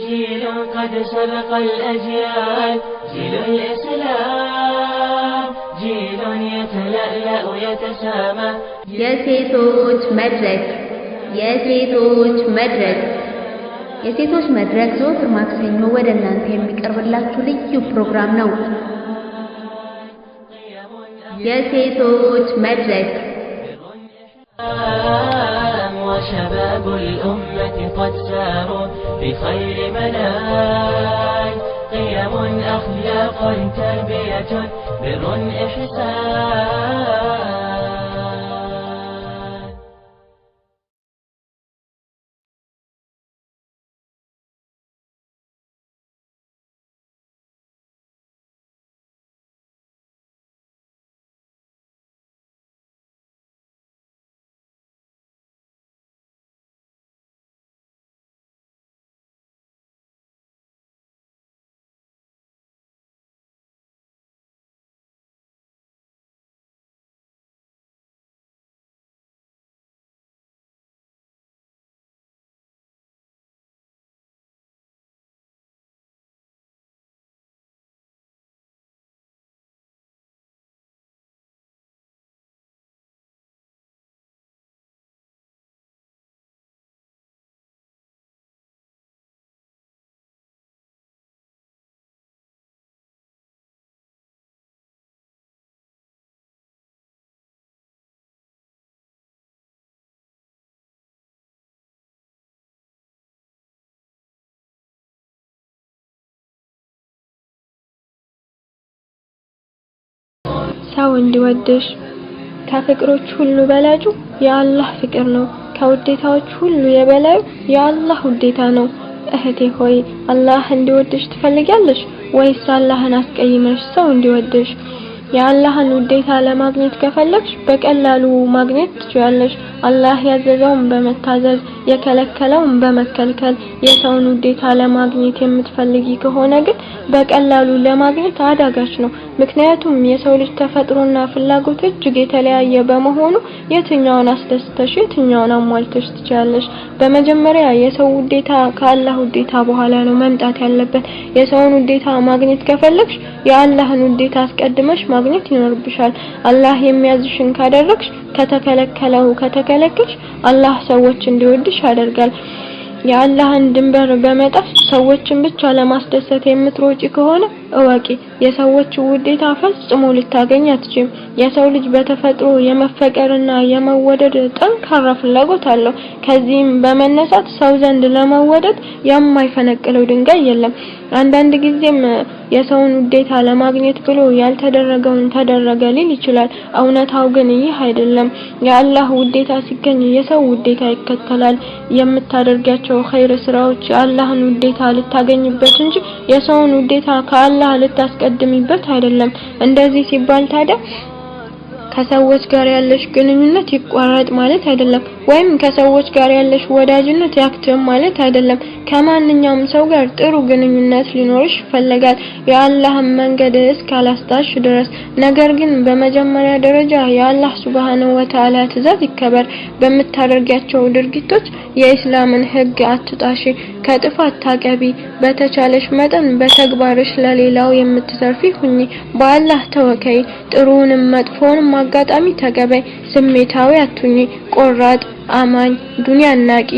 جيل قد سبق الأجيال جيل الإسلام جيل يتلألأ يتسامى የሴቶች መድረክ የሴቶች መድረክ የሴቶች መድረክ ዘወትር ማክሰኞ ወደ እናንተ የሚቀርብላችሁ ልዩ ፕሮግራም ነው። የሴቶች መድረክ وشباب الأمة قد ساروا بخير مناج قيم أخلاق تربية بر إحسان ሰው እንዲወድሽ ከፍቅሮች ሁሉ በላጩ የአላህ ፍቅር ነው። ከውዴታዎች ሁሉ የበላዩ የአላህ ውዴታ ነው። እህቴ ሆይ አላህ እንዲወድሽ ትፈልጊያለሽ ወይስ አላህን አስቀይመሽ ሰው እንዲወድሽ? የአላህን ውዴታ ለማግኘት ከፈለግሽ በቀላሉ ማግኘት ትችያለሽ። አላህ ያዘዘውን በመታዘዝ የከለከለውን በመከልከል የሰውን ውዴታ ለማግኘት የምትፈልጊ ከሆነ ግን በቀላሉ ለማግኘት አዳጋች ነው። ምክንያቱም የሰው ልጅ ተፈጥሮና ፍላጎት እጅግ የተለያየ በመሆኑ የትኛውን አስደስተሽ የትኛውን አሟልተሽ ትችያለሽ? በመጀመሪያ የሰው ውዴታ ከአላህ ውዴታ በኋላ ነው መምጣት ያለበት። የሰውን ውዴታ ማግኘት ከፈለግሽ የአላህን ውዴታ አስቀድመሽ ማግኘት ይኖርብሻል። አላህ የሚያዝሽን ካደረግሽ ከተከለከለው ከተከለከልሽ አላህ ሰዎች እንዲወድሽ ያደርጋል። የአላህን ድንበር በመጣስ ሰዎችን ብቻ ለማስደሰት የምትሮጪ ከሆነ እወቂ፣ የሰዎች ውዴታ ፈጽሞ ልታገኝ አትችም። የሰው ልጅ በተፈጥሮ የመፈቀርና የመወደድ ጠንካራ ፍላጎት አለው። ከዚህም በመነሳት ሰው ዘንድ ለመወደድ የማይፈነቅለው ድንጋይ የለም። አንዳንድ ጊዜም የሰውን ውዴታ ለማግኘት ብሎ ያልተደረገውን ተደረገ ሊል ይችላል። እውነታው ግን ይህ አይደለም። የአላህ ውዴታ ሲገኝ የሰው ውዴታ ይከተላል። የምታደርጋቸው ኸይር ስራዎች የአላህን ውዴታ ልታገኝበት እንጂ የሰውን ውዴታ ከአላህ አላህ ልታስቀድሚበት አይደለም። እንደዚህ ሲባል ታዲያ ከሰዎች ጋር ያለሽ ግንኙነት ይቋረጥ ማለት አይደለም፣ ወይም ከሰዎች ጋር ያለሽ ወዳጅነት ያክትም ማለት አይደለም። ከማንኛውም ሰው ጋር ጥሩ ግንኙነት ሊኖርሽ ይፈለጋል የአላህን መንገድ እስካላስጣሽ ድረስ። ነገር ግን በመጀመሪያ ደረጃ የአላህ ሱብሃነሁ ወተዓላ ትዕዛዝ ይከበር። በምታደርጊያቸው ድርጊቶች የኢስላምን ሕግ አትጣሺ፣ ከጥፋት ታቀቢ። በተቻለሽ መጠን በተግባርሽ ለሌላው የምትተርፊ ሁኚ። በአላህ ተወከይ ጥሩውንም መጥፎውንም አጋጣሚ ተገባይ፣ ስሜታዊ አትሁኚ፣ ቆራጥ፣ አማኝ፣ ዱንያ ናቂ፣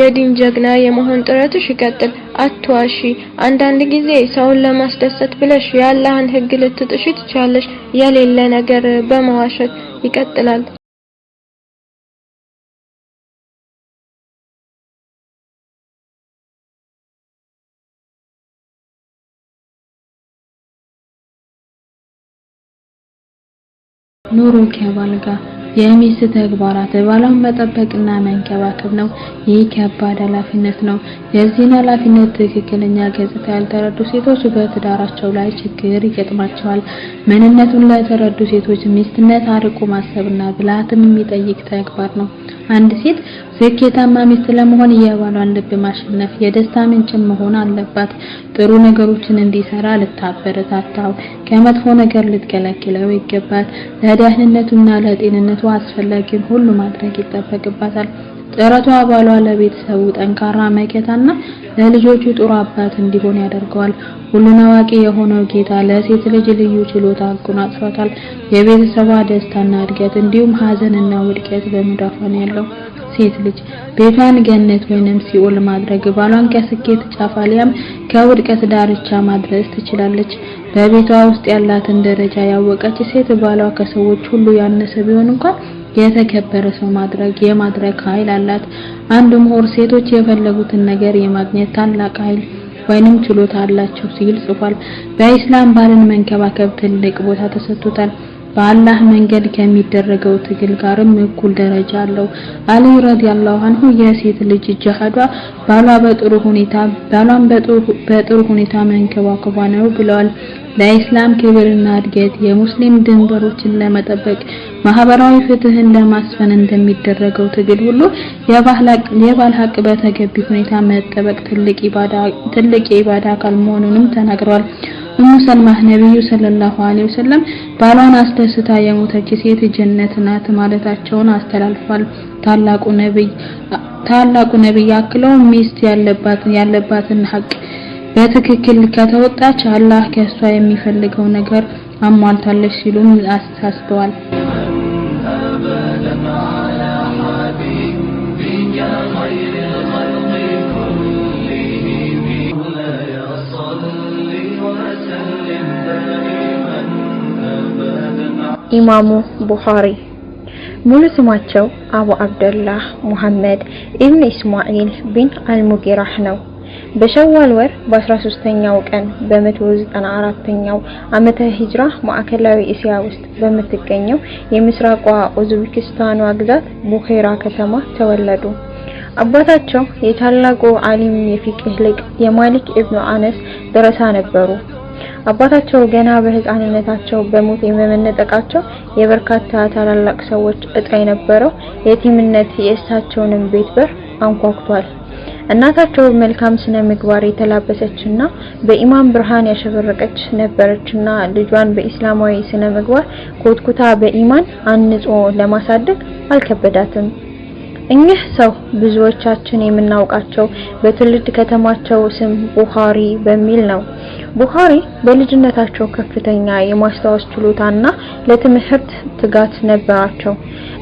የዲን ጀግና የመሆን ጥረትሽ ይቀጥል። አትዋሺ። አንዳንድ ጊዜ ሰውን ለማስደሰት ብለሽ የአላህን ሕግ ልትጥሺ ትችያለሽ። የሌለ ነገር በመዋሸት ይቀጥላል። نورو کې ولګوو የሚስት ተግባራት ባሏን መጠበቅና መንከባከብ ነው። ይህ ከባድ ኃላፊነት ነው። የዚህን ኃላፊነት ትክክለኛ ገጽታ ያልተረዱ ሴቶች በትዳራቸው ላይ ችግር ይገጥማቸዋል። ምንነቱን ለተረዱ ሴቶች ሚስትነት አርቆ ማሰብና ብልሃትም የሚጠይቅ ተግባር ነው። አንድ ሴት ስኬታማ ሚስት ለመሆን የባሏን ልብ ማሸነፍ፣ የደስታ ምንጭ መሆን አለባት። ጥሩ ነገሮችን እንዲሰራ ልታበረታታው፣ ከመጥፎ ነገር ልትከለክለው ይገባል። ለደህንነቱና ለጤንነቱ አስፈላጊውን ሁሉ ማድረግ ይጠበቅባታል። ጥረቷ ባሏ ለቤተሰቡ ጠንካራ መከታና ለልጆቹ ጥሩ አባት እንዲሆን ያደርገዋል። ሁሉን አዋቂ የሆነው ጌታ ለሴት ልጅ ልዩ ችሎታ አጎናጽፏታል። የቤተሰቧ ደስታና እድገት እንዲሁም ሀዘንና ውድቀት በመዳፏ ነው ያለው። ሴት ልጅ ቤቷን ገነት ወይንም ሲኦል ማድረግ ባሏን ከስኬት ጫፍ አሊያም ከውድቀት ዳርቻ ማድረስ ትችላለች። በቤቷ ውስጥ ያላትን ደረጃ ያወቀች ሴት ባሏ ከሰዎች ሁሉ ያነሰ ቢሆን እንኳን የተከበረ ሰው ማድረግ የማድረግ ኃይል አላት። አንድ ምሁር ሴቶች የፈለጉትን ነገር የማግኘት ታላቅ ኃይል ወይንም ችሎታ አላቸው ሲል ጽፏል። በኢስላም ባልን መንከባከብ ትልቅ ቦታ ተሰጥቶታል። በአላህ መንገድ ከሚደረገው ትግል ጋርም እኩል ደረጃ አለው። አሊ ረዲየላሁ አንሁ የሴት ልጅ ጀሃዷ ባሏ በጥሩ ሁኔታ ባሏን በጥሩ ሁኔታ መንከባከቧ ነው ብለዋል። ለኢስላም ክብርና እድገት የሙስሊም ድንበሮችን ለመጠበቅ ማህበራዊ ፍትህን ለማስፈን እንደሚደረገው ትግል ሁሉ የባል ሀቅ በተገቢ ሁኔታ መጠበቅ ትልቅ ኢባዳ አካል መሆኑንም ተናግረዋል። እሙ ሰልማህ ነብዩ ሰለላሁ ዐለይሂ ወሰለም ባሏን አስደስታ የሞተች ሴት ጀነት ናት ማለታቸውን አስተላልፏል። ታላቁ ነብይ ታላቁ ነብይ አክለው ሚስት ያለባትን ያለባትን ሀቅ በትክክል ከተወጣች አላህ ከሷ የሚፈልገው ነገር አሟልታለች ሲሉም አሳስበዋል። ኢማሙ ቡኻሪ ሙሉ ስማቸው አቡ አብደላህ ሙሐመድ ኢብን ኢስማኤል ቢን አልሙጊራህ ነው። በሸዋል ወር በ13ኛው ቀን በ194ኛው ዓመተ ሂጅራ ማዕከላዊ እስያ ውስጥ በምትገኘው የምስራቋ ኡዝቤኪስታኗ ግዛት ቡኼራ ከተማ ተወለዱ። አባታቸው የታላቁ ዓሊም የፊቅህ ሊቅ የማሊክ ኢብኑ አነስ ደረሳ ነበሩ። አባታቸው ገና በህፃንነታቸው በሞት በመነጠቃቸው የበርካታ ታላላቅ ሰዎች ዕጣ የነበረው የቲምነት የእሳቸውንም ቤት በር አንኳኩቷል። እናታቸው መልካም ስነ ምግባር የተላበሰችና በኢማም ብርሃን ያሸበረቀች ነበረች እና ልጇን በኢስላማዊ ስነ ምግባር ኮትኩታ በኢማን አንጾ ለማሳደግ አልከበዳትም። እኚህ ሰው ብዙዎቻችን የምናውቃቸው በትውልድ ከተማቸው ስም ቡኻሪ በሚል ነው። ቡኻሪ በልጅነታቸው ከፍተኛ የማስታወስ ችሎታና ለትምህርት ትጋት ነበራቸው።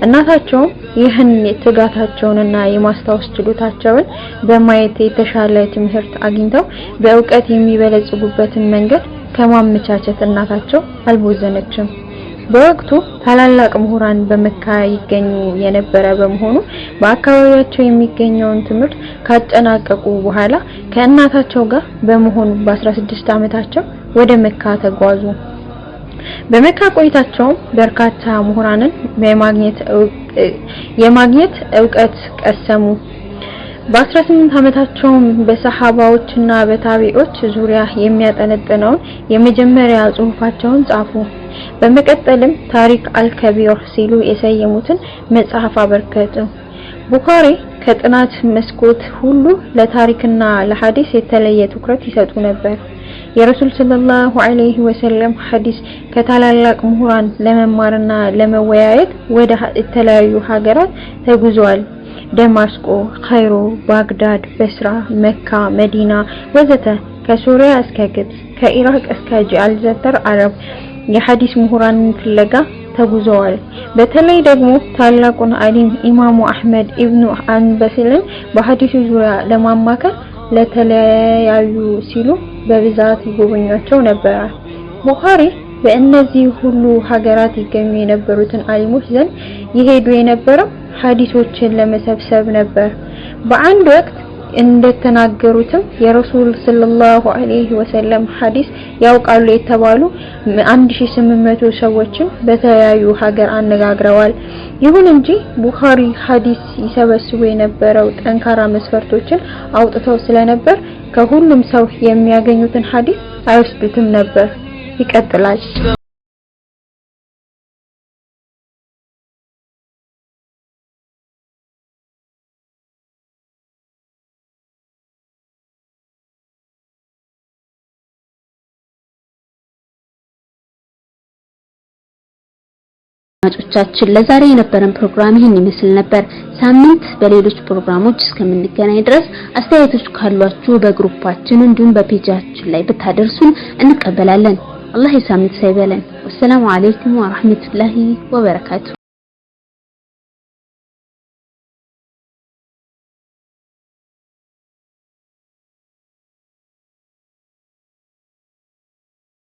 እናታቸውም ይህን ትጋታቸውንና የማስታወስ ችሎታቸውን በማየት የተሻለ ትምህርት አግኝተው በእውቀት የሚበለጽጉበትን መንገድ ከማመቻቸት እናታቸው አልቦዘነችም። በወቅቱ ታላላቅ ምሁራን በመካ ይገኙ የነበረ በመሆኑ በአካባቢያቸው የሚገኘውን ትምህርት ካጠናቀቁ በኋላ ከእናታቸው ጋር በመሆኑ በ16 ዓመታቸው ወደ መካ ተጓዙ። በመካ ቆይታቸውም በርካታ ምሁራንን የማግኘት እውቀት ቀሰሙ። በ18 ዓመታቸውም በሰሃባዎችና በታቢዎች ዙሪያ የሚያጠነጥነውን የመጀመሪያ ጽሑፋቸውን ጻፉ። በመቀጠልም ታሪክ አልከቢር ሲሉ የሰየሙትን መጽሐፍ አበርከቱ። ቡኻሪ ከጥናት መስኮት ሁሉ ለታሪክና ለሐዲስ የተለየ ትኩረት ይሰጡ ነበር። የረሱል ሰለላሁ ዐለይሂ ወሰለም ሐዲስ ከታላላቅ ምሁራን ለመማርና ለመወያየት ወደ የተለያዩ ሀገራት ተጉዟል። ደማስቆ፣ ካይሮ፣ ባግዳድ፣ በስራ፣ መካ፣ መዲና ወዘተ ከሱሪያ እስከ ግብጽ ከኢራቅ እስከ ጃልዘተር አረብ የሐዲስ ምሁራንን ፍለጋ ተጉዘዋል። በተለይ ደግሞ ታላቁን አሊም ኢማሙ አህመድ ኢብኑ አንበስልን በሐዲሱ ዙሪያ ለማማከር ለተለያዩ ሲሉ በብዛት ይጎበኛቸው ነበረ። ቡኻሪ በእነዚህ ሁሉ ሀገራት ይገኙ የነበሩትን አሊሞች ዘንድ ይሄዱ የነበረው ሐዲሶችን ለመሰብሰብ ነበር። በአንድ ወቅት እንደተናገሩትም የረሱል ሰለላሁ ዐለይሂ ወሰለም ሐዲስ ያውቃሉ የተባሉ 1800 ሰዎችን በተለያዩ ሀገር አነጋግረዋል። ይሁን እንጂ ቡኻሪ ሐዲስ ይሰበስቡ የነበረው ጠንካራ መስፈርቶችን አውጥተው ስለነበር ከሁሉም ሰው የሚያገኙትን ሐዲስ አይወስዱትም ነበር። ይቀጥላል። አድማጮቻችን ለዛሬ የነበረን ፕሮግራም ይህን ይመስል ነበር። ሳምንት በሌሎች ፕሮግራሞች እስከምንገናኝ ድረስ አስተያየቶች ካሏችሁ በግሩፓችን እንዲሁም በፔጃችን ላይ ብታደርሱን እንቀበላለን። አላህ የሳምንት ሳይበለን። ወሰላሙ አለይኩም ወራህመቱላሂ ወበረካቱ